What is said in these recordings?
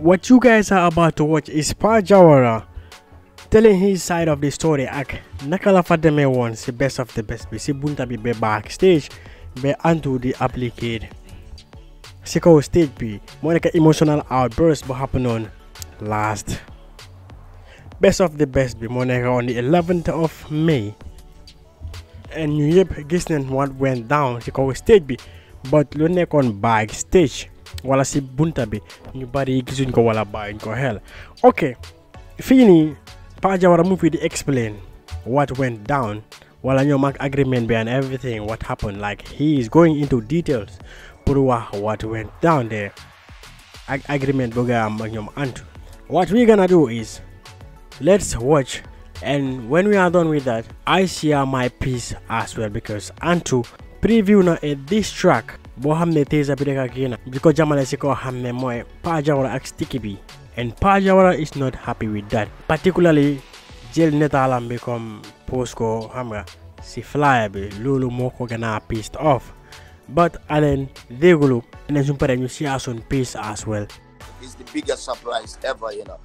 what you guys are about to watch is Jawara telling his side of the story ak naka la fa the best of the best Be si bunta be backstage be antu the appliqué si kaw stage bi moo emotional outburst bu happenon last best of the best be moo on the 11th of May and New Year's gis nañ what went down si kaw stage B, but lu on backstage wala si bunta bi ñu bari gisuñ ko wala bàyyiñ ko xel ok fii nii Pa Jawara mu fi di explain what went down wala ñoom ak agreement bi and everything what happened like he is going into details pour wax what went down there ak agreement bu nga am ak ñoom what we gonna do is let's watch and when we are done with that i share my piece as well because antu preview na this track boo xam ne teyza bi rek a génn bi ko jamale si koo xam ne Pa Jawara ak Stiki bi and Pa Jawara is not happy with that particularly jël netaalam bi comme post ko xam nga si flyer bi loolu moo ko pissed off but aleen déggulu enen suñ paree ñu siyaasoon peace as well is the biggest surprise ever you know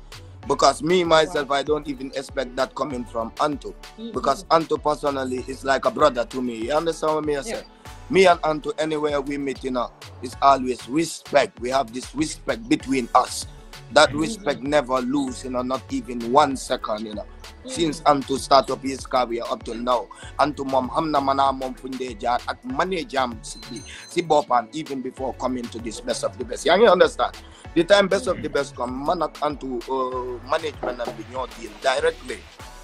because me myself i don't even expect that coming from anto because anto personally is like a brother to me you understand what me i say yeah me and Anto, anywhere we meet, you know, it's always respect. We have this respect between us. That mm-hmm. respect mm-hmm. never lose, you know, not even one second, you know. Mm-hmm. Since Anto start up his career up till now, Anto mom hamna mana mom funde jar at money jam si si bopan even before coming to this best of the best. You understand? The time best mm-hmm. of the mm-hmm. best come, man at Anto uh, management and be deal directly.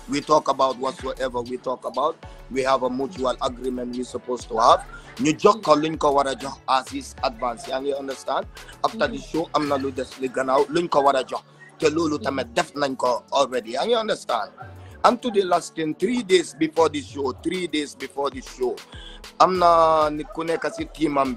We talk about whatsoever we talk about. We have a mutual agreement we're supposed to have. You just calling ko war as is advance and you understand after the show i am not just des li gannaaw luñ ko war a jox te loolu tamit def nañ ko already and you understand and to the last thing three days before the show three days before the show i am not nit ku nekk si tiimam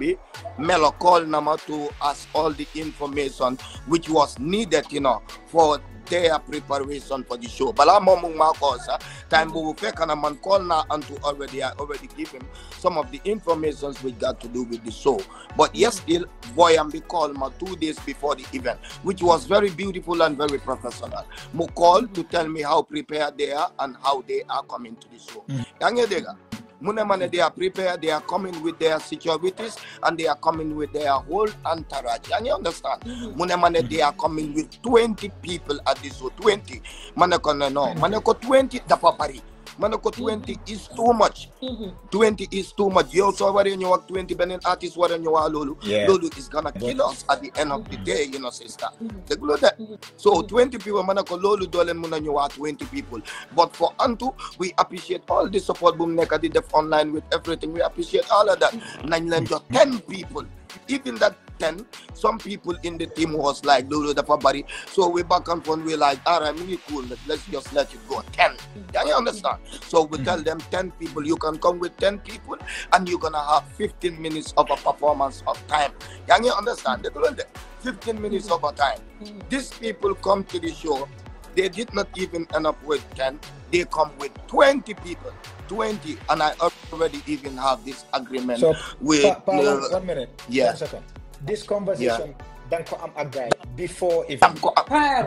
melo call na to ask all the information which was needed you know for their preparation for the show. on my course. time Bufeka man call now to already I already give him some of the informations we got to do with the show. But yes, mm-hmm. still boy I'm be called my two days before the event, which was very beautiful and very professional. Mu call to tell me how prepared they are and how they are coming to the show. Mm. Munemane, they are prepared, they are coming with their securities and they are coming with their whole entourage. And you understand? Mm-hmm. Munemane, they are coming with 20 people at this zoo. 20. Maneko, no, no. Maneko, 20 The papari manako mm-hmm. 20 is too much mm-hmm. 20 is too much also worry waree you work. 20 artists artiste are ñëwaa loolu Lulu is gonna kill us at the end of the mm-hmm. day you know sister déglu that. so 20 people manako Lulu, doo leen mën 20 people but for Antu we appreciate all the support Boom, mu did online with everything we appreciate all of that Nine leen 10 people even that 10 some people in the team was like "Do the body so we back and forth we like all right really cool let's just let it go 10 yeah you understand so we tell them 10 people you can come with 10 people and you're gonna have 15 minutes of a performance of time yeah you understand they told them 15 minutes of a time these people come to the show they did not even end up with 10 they come with 20 people 20 and i already even have this agreement so, with pa- pa- uh, one minute yeah one second this conversation yeah. dan am ak before event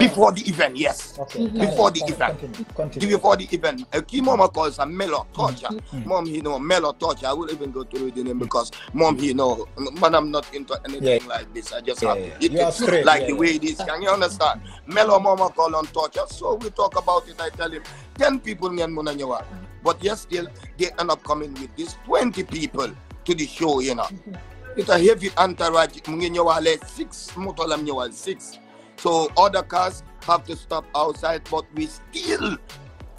before the event yes okay. Mm-hmm. before the event continue. Continue. before the event kii moom a call melo torture mm-hmm. Mm-hmm. Mom, he know melo torture I will even go through the name because mom he know but I'm not into anything yeah. like this I just yeah, have yeah. it, straight, like yeah, the way it is can you understand melo moom call on torture so we talk about it I tell him ten people ngeen mun but yes still they end up coming with this twenty people to the show you know it's a heavy entourage mu six moto six so other cars have to stop outside but we still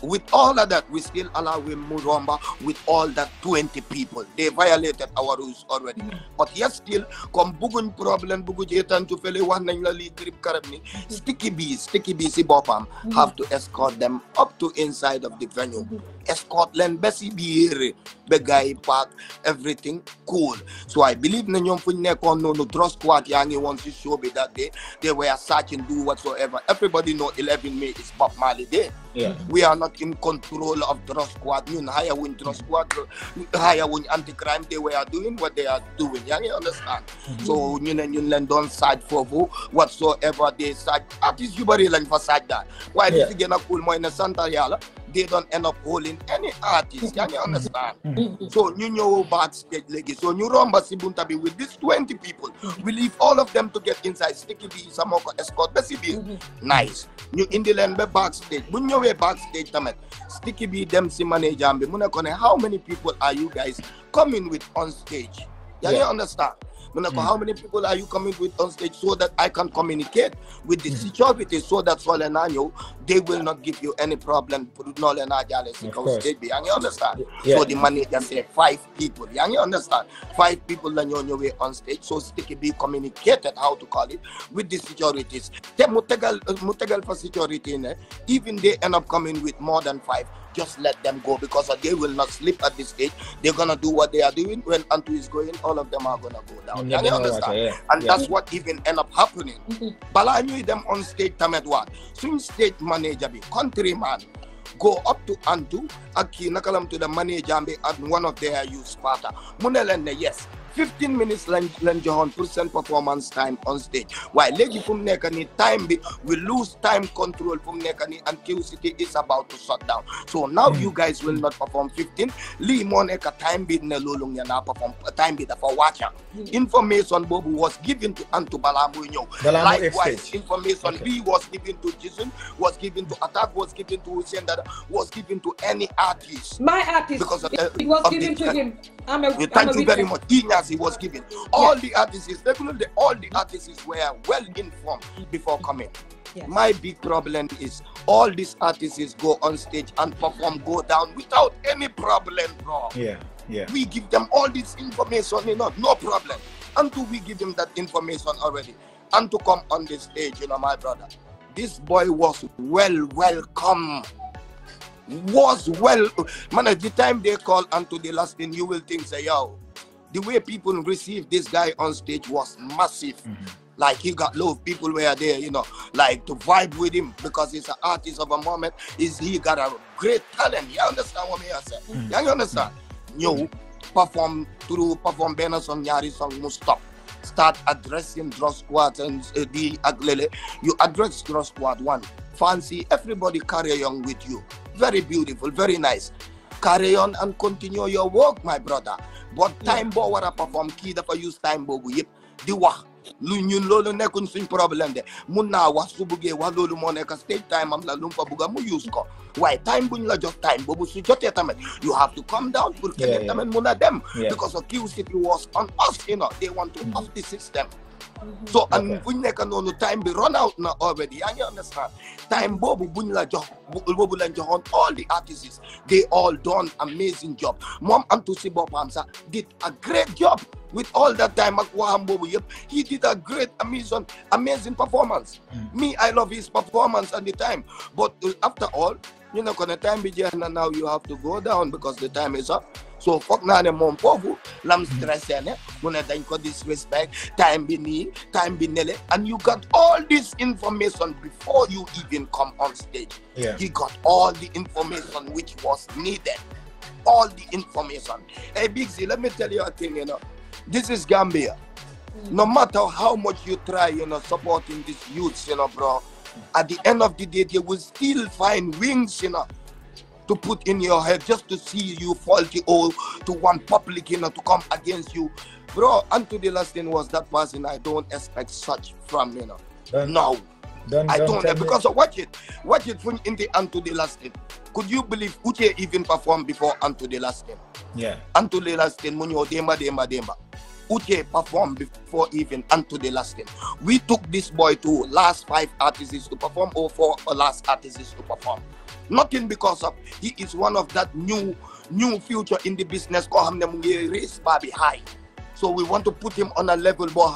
with all of that, we still allowing Muromba with all that 20 people. They violated our rules already. Mm. But here still, come bugun problem, bugun jetan tu fele wax li grip karab mm. sticky bees, sticky bees si bopam mm. have to escort them up to inside of the venue. Escort len besi biir begai park everything cool. So I believe na ñom fuñ trust what dress squad to show be that day. They were searching do whatsoever. Everybody know 11 May is Bob Marley Day. Yeah. We are not in control of drug squad. You higher when drug squad, higher when anti-crime, they were doing what they are doing. Yeah, you understand? Mm-hmm. So, you know, you know, don't side for who, whatsoever they side. At least you bury land for side that. Why yeah. this again a cool more in the center, yeah? they don't end up holding any artist. Can mm-hmm. you understand? Mm-hmm. Mm-hmm. so you know backstage legi. So you rumba Sibuntabi with these 20 people. We leave all of them to get inside. Sticky B, Samoko, Escort, Besibi. Nice. new in the land backstage. When you backstage tamet. Sticky B them si manager. How many people are you guys coming with on stage? Can yeah. you understand? mm. How many people are you coming with on stage so that I can communicate with the mm. security so that Solenano, they will not give you any problem. and You understand? Yeah. So the manager say five people. You understand? Five people on your way on stage. So sticky be communicated how to call it with the securities. They mutagal for security. Even they end up coming with more than five just let them go because they will not sleep at this stage. They're gonna do what they are doing. When Antu is going, all of them are gonna go down you understand? And yeah. that's what even end up happening. Mm-hmm. I knew them on state time at what? Swing state manager be countryman. Go up to Andu, Aki Nakalam to the manager and one of their youth partner. Munelene, yes, 15 minutes lañ lañ joxoon pour performance time on stage waaye léegi fu mu nekk time bi we lose time control fu mu nekk and Q City is about to shut down so now you guys will not perform 15 lii moo nekk time bi ne loolu ngeen naa perform time bi dafa wàcca information boobu was given to Antou balaa muy ñëw likewise information he was given to Jisun was given to Attack was given to Hussein Dada was given to any artist my artist because of, uh, it was uh, given to him I'm a, thank you very much he was given. All the artists, regularly, all the artists were well informed before coming. Yes. My big problem is all these artists go on stage and perform, go down without any problem, bro. Yeah, yeah. We give them all this information, you know, no problem. Until we give them that information already, and to come on the stage, you know, my brother, this boy was well welcome. Was well, man. At the time they call until the last thing, you will think, say, yo, the way people received this guy on stage was massive. Mm-hmm. Like he got love, people were there, you know, like to vibe with him because he's an artist of a moment. Is he got a great talent? You understand what me I say? Mm-hmm. Yeah, you understand? Mm-hmm. You perform through perform banner song, Yari song, must stop. Start addressing draw squad and uh, the aglele. You address draw squad one. Fancy everybody carry on with you. Very beautiful, very nice. Carry on and continue your work, my brother but time boo war a perform kii dafa use time boobu yëpp di wax lu ñun loolu nekkuñ suñ problème de mun naa wax su buggee wax loolu moo nekk stage time am la lu mu fa bugg a mu use ko waaye time buñ la jox time boobu su jotee tamit you have to come down pour keneen tamit mun a dem because of QCP was on us you know they want to off mm-hmm. the system so am bu ñu time bi run out na already I ngi understand time Bobu buñ la jox boobu lañ joxoon all the artists they all done amazing job Mom Amtu si did a great job with all that time ak waxam boobu he did a great amazing amazing performance mm. me I love his performance at the time but uh, after all you know, ko the time bi jeex na now you have to go down because the time is up so fuck now, the moom foofu lam hmm. stress ne mu ne dañ disrespect time be nii time be nele and you got all this information before you even come on stage yeah. he got all the information which was needed all the information hey Big Z let me tell you a thing you know this is Gambia hmm. no matter how much you try you know supporting these youths you know bro at the end of the day they will still find wings you know to put in your head just to see you faulty all to one public, you know, to come against you. Bro, until the last thing was that person, I don't expect such from, you know. Don't, no. Don't, I don't, don't because me. watch it. Watch it from in the until the last thing. Could you believe Uche even performed before until the last thing? Yeah. Until the last thing, Munyo dema Demba Demba. Uche performed before even until the last thing. We took this boy to last five artists to perform or four last artists to perform nothing because of he is one of that new new future in the business ko xamne raise high so we want to put him on a level bo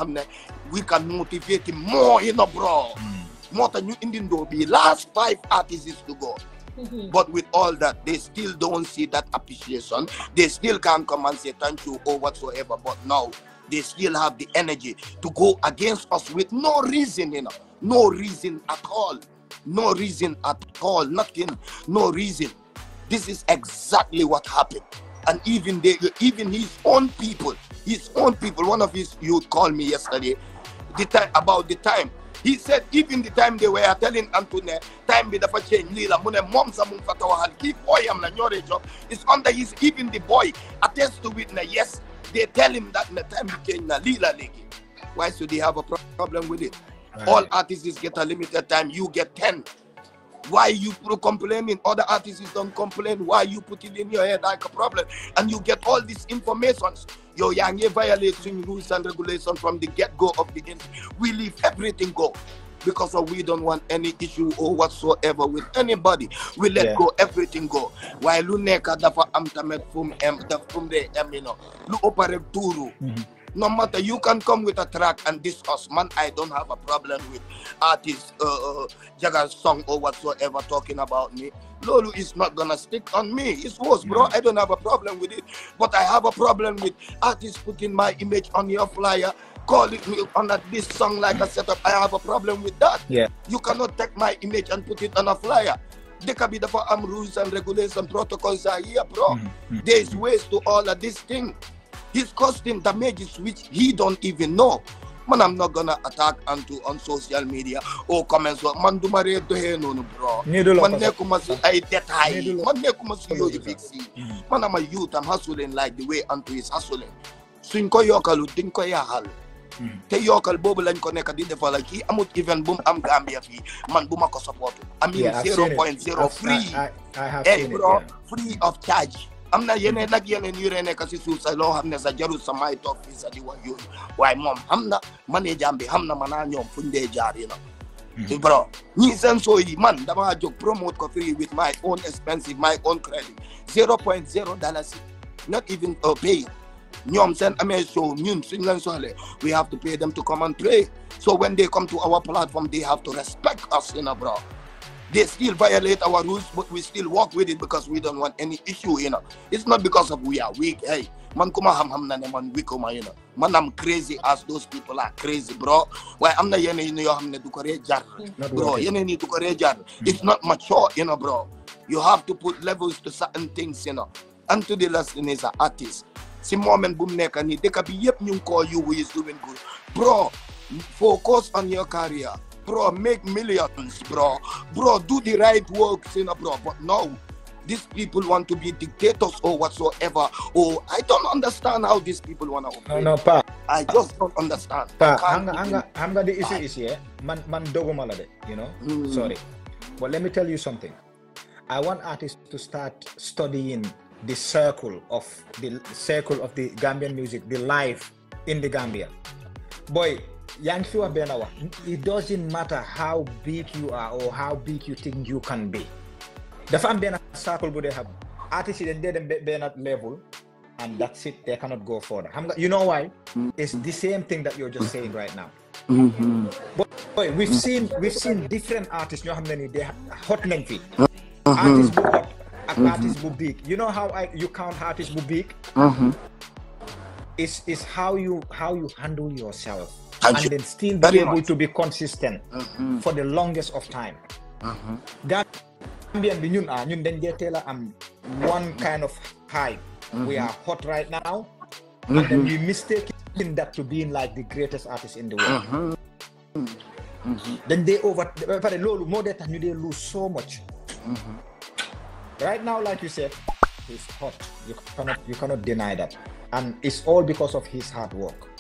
we can motivate him more in abroad, bro hmm. more than you will be last five artists to go mm-hmm. But with all that, they still don't see that appreciation. They still can't come and say thank you or whatsoever. But now they still have the energy to go against us with no reason, you know, no reason at all. No reason at all. Nothing. No reason. This is exactly what happened. And even they, even his own people, his own people. One of his you called me yesterday, the time about the time. He said even the time they were telling Antune, time be dapat change Lila, mune mom sa mung fatawahal ki boy am na nyore job. It's under his even the boy attests to it na yes. They tell him that the time change na lila legi. Why should he have a problem with it? Right. All artists get a limited time. You get 10. Why you pro complaining? Other artists don't complain. Why you put it in your head like a problem? And you get all these informations. Your Yange violating rules and regulations from the get-go of the end. We leave everything go because we don't want any issue or whatsoever with anybody. We let yeah. go everything go. While lu nekk dafa am tamit fu mu em daf fu mu dee em you know lu ëpp rek tuuru. Mm-hmm. No matter you can come with a track and this man. I don't have a problem with artist uh, uh, song or whatsoever talking about me. Lolo is not gonna stick on me. It's worse, bro. I don't have a problem with it, but I have a problem with artists putting my image on your flyer call it on a, this song like a setup. I have a problem with that. Yeah. You cannot take my image and put it on a flyer. There can be the arm rules and regulations, protocols are here, bro. Mm -hmm. There's ways to all of this thing. He's caused him damages which he don't even know. man I'm not gonna attack Antu on social media or oh, comments man du ma ree doxee noonu bro man nekkuma si ay détails man nekkuma si yooyu fixi mm-hmm. man am a youth am hustling like the way Antu is hustling suñ ko yokkalu duñ ko yaaxal mm-hmm. te yokkal boobu lañ ko nekk di defal ak kii amut event bu mu am Gambia fii man bu ma ko support am zero point zero free bro free of charge am na yeneen ak yeneen yu re nekk si suuf sa loo xam ne sa jarul sa may toog fii sa di wax yooyu waaye moom xam na manager bi xam na man naa ñoom fuñ dee jaar yi na bro ñii seen soo yi man dama jóg promote ko free with my own expensive my own credit zero point zero dollars not even a pay ñoom seen amee show ñun suñ leen soxlee we have to pay them to come and play so when they come to our platform they have to respect us you know bro they still violate our rules, but we still walk with it because we don't want any issue, you know. It's not because of we are weak. Hey, man kuma ham ham na man weak kuma, oh, you know. Man, I'm crazy as those people are crazy, bro. Why I'm not yene you ham hamne dukore jar, bro. Yene ni dukore jar. It's not mature, you know, bro. You have to put levels to certain things, you know. And to the lesson is an artist. si moment bu mu nekk nii dëkk bi yëpp ñu ngi koo yubu is doing good bro focus on your career bro, make millions, bro. Bro, do the right work, you know, bro. But no, these people want to be dictators or whatsoever. Oh, I don't understand how these people want to operate. No, no, pa. I just don't understand. Pa, hanga, hanga, hanga the issue is here. Man, man dogo malade, you know? Mm. Sorry. But let me tell you something. I want artists to start studying the circle of the circle of the Gambian music, the life in the Gambia. Boy, Yankiwa Benawa, it doesn't matter how big you are or how big you think you can be. The fan benn circle bu dee Artists artist yi dañ dee level and that's it they cannot go further you know why it's the same thing that you're just saying right now but boy we've seen we've seen different artists You know how many they hot nañ fi artist hot ak artist big you know how I, you count artist bu big uh-huh. it's, it's how you how you handle yourself and then still be much. able to be consistent mm-hmm. for the longest of time. Mm-hmm. That Gambian bi ñun ah ñun am one mm-hmm. kind of hype. Mm-hmm. We are hot right now. And then mm-hmm. we mistake that to being like the greatest artist in the world. Mm-hmm. Then they over for the low, more than you they lose so much. Right now like you said he's hot you cannot you cannot deny that and it's all because of his hard work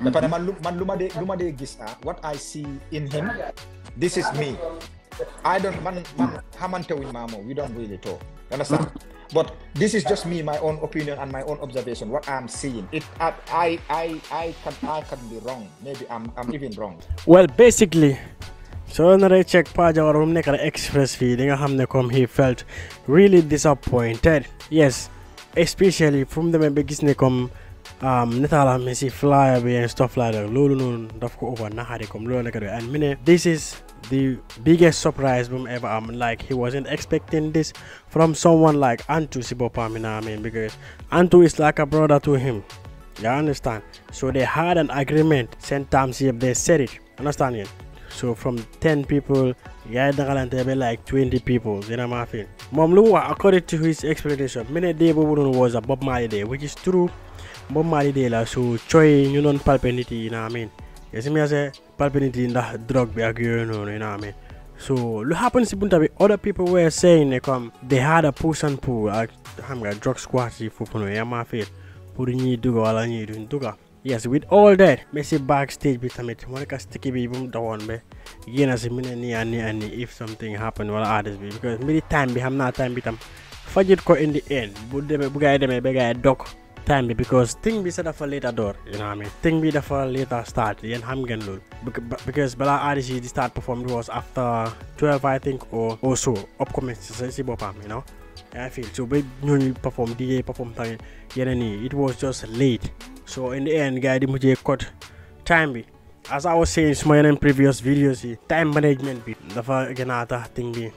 mm-hmm. man luma de luma de gis ah, what i see in him this is me i don't man man hamantewuñ mamo we don't really talk you understand mm-hmm. but this is just me my own opinion and my own observation what i'm seeing it i i i, can i can be wrong maybe i'm i'm even wrong well basically so when check checked war mu nekk express fii i nga xam he felt really disappointed yes especially from the demee ba gis um netala mesi flyer and stuff like that lulu nun dafko over na nahari kom lulu naka and mine this is the biggest surprise boom ever i'm mean, like he wasn't expecting this from someone like antu sibopam i mean because antu is like a brother to him you understand so they had an agreement sent times if they said it understand so from 10 people yeah be like 20 people you know my feel mom according to his explanation many day was a bob marley day which is true Bob Marley Day la so coy you doon palpe nit yi you know what I mean Yes, me as a palpe nit yi ndax drogue bi ak yooyu you know what I mean so what happen si bunta other people were saying they come, they had a push and pull I xam nga drug squad for yi foofu noonu yaa maa fiir pour ñii dugga wala ñii duñ dugga yes with all that mais si backstage bi tamit moo nekk sticky bi bu mu dawoon be yéena si mu ne nii and nii and nii if something happen wala others bi because mbiri time bi xam not time bi them. fajit ko in the end bu demee bu gaay demee be gaay dog time bi because thing bi sa dafa later door you know what I mean thing bi dafa later start yéen xam ngeen loolu because balaa artist yi di start perform it was after 12 I think or or so upcoming si si you know I feel so ba ñooñu perform DJ perform tamit yeneen yi it was just late so in the end guy di mujjee cut time bi as I was saying suma yeneen previous videos yi time management bi dafa gën a tax thing bi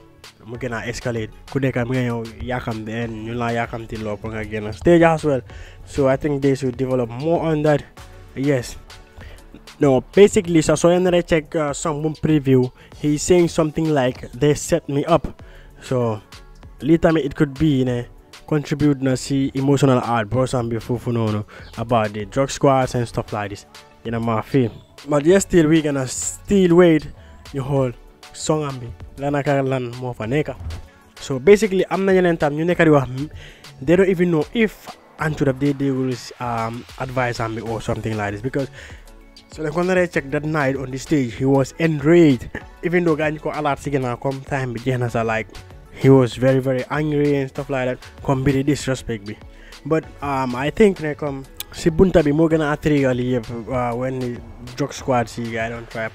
mu gën a escalate ku nekk mu nga ñëw yaakam and ñu laa yaakamti loo pour nga génn stage as well so I think they should develop more on that yes Now, basically so so another check uh, some preview he's saying something like they set me up so later it could be ne, contribute na si emotional art bro some before no about the drug squads and stuff like this you know my film but yes still we gonna still wait you hold Song ambi, lan lan moo fa so basically am na ñeneen tam ñu nekk di wax they don't even know if Anchor they they will um, advise me or something like this because so the corner check that night on the stage he was enraged even though Ganiko alert signal come time began so like he was very very angry and stuff like that come disrespect me but um I think they come Sibunta be more gonna uh, when the drug squad see I don't try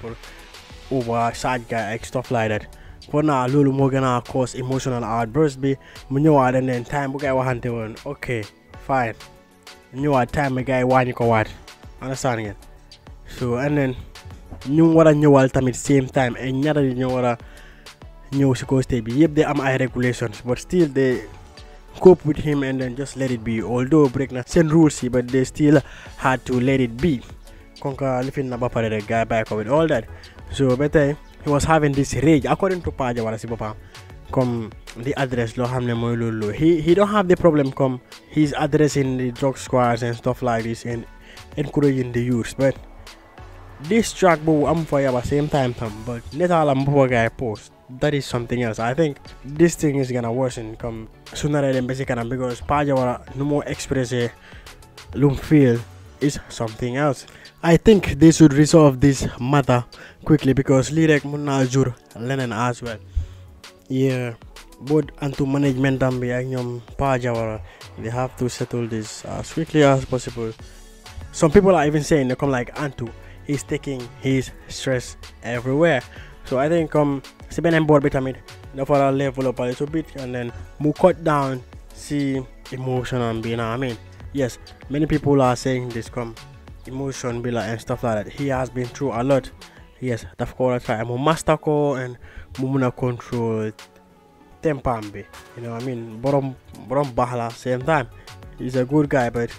over sad guy and stuff like that kona lulu Morgan, of course, emotional outburst be munyo and then time guy wahante one okay fine new time guy wani ko wat Understand it so and then ñu wara ñëwal tamit same time and ñara ñu wara ñëw si coast bi Yep, they am ay regulations but still they cope with him and then just let it be although break na seen rules yi but they still had to let it be Conquer living na ba pare guy back ko with all that so ba he was having this rage according to Pa Jawara si come the address loo xam ne mooy he he don't have the problem Come he's addressing the drug squads and stuff like this and encouraging the youth but this track i am at the same time tam but netaalam booba guy post that is something else I think this thing is gonna worsen come sooner than dem because Pa Jawara no more express lu mu feel is something else I think they should resolve this matter quickly because Lirek Munajur Lennon as well. Yeah, both to Management and Yom Pajawara, they have to settle this as quickly as possible. Some people are even saying they come like Antu is taking his stress everywhere. So I think um Seben and board vitamin the for level up a little bit and then we cut down see emotion and being I mean yes many people are saying this come emotion be like and stuff like that he has been through a lot yes that's I am a master call and mumuna control tempambe you know what i mean borom borom bahla same time he's a good guy but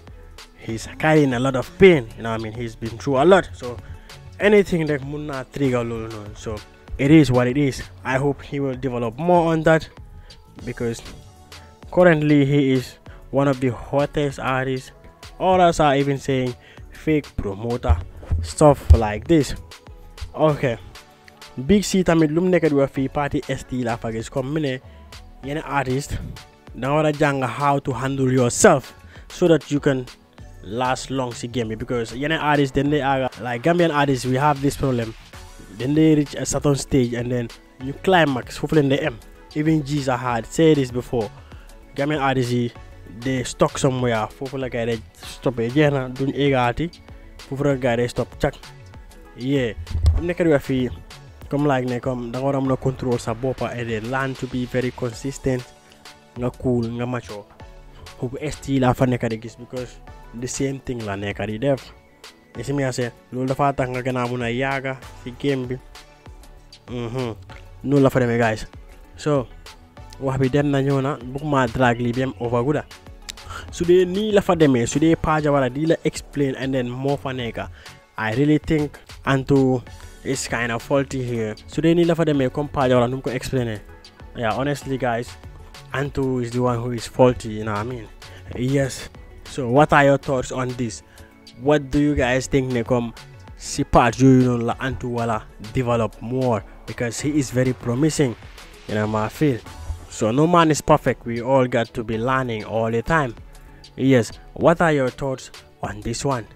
he's carrying a lot of pain you know what i mean he's been through a lot so anything that muna trigger no so it is what it is i hope he will develop more on that because currently he is one of the hottest artists others are even saying fake promoter stuff like this ok big c tamit lu mu nekk di wax fii party st la fa gis comme mu ne yenn artist da nga war a jàng how to handle yourself so that you can last long si game bi because yenn artist dañ lay aga like Gambian artists we have this problem dañ lay reach a certain stage and then ñu climax foofu leen day am even G's I had said this before Gambian artist yi they stock somewhere foofu la gars yi day stoppé jeex na duñ égaati foofu la gars yi day stop cak yee am nekk di wax fii comme like ne comme da war a mën a contrôle sa boppa and then learn to be very consistent nga cool nga mature foofu esti fa nekk gis because the same thing la nekk di def esi miase loolu dafa tax nga gën a mun a yaaga si game bi mm-hmm. noonu la fa demee guys so wax bi dem na ñëw na bëgguma drag lii bi am over ni la fa demee su Pa di la explain and then moo fa I really think Anto is kind of faulty here su ni nii la fa demee comme Pa Jawara nu ko yeah honestly guys Anto is the one who is faulty you know what I mean yes so what are your thoughts on this what do you guys think ne comme si part la Anto wala develop more because he is very promising you know my feel so no man is perfect, we all got to be learning all the time. Yes, what are your thoughts on this one?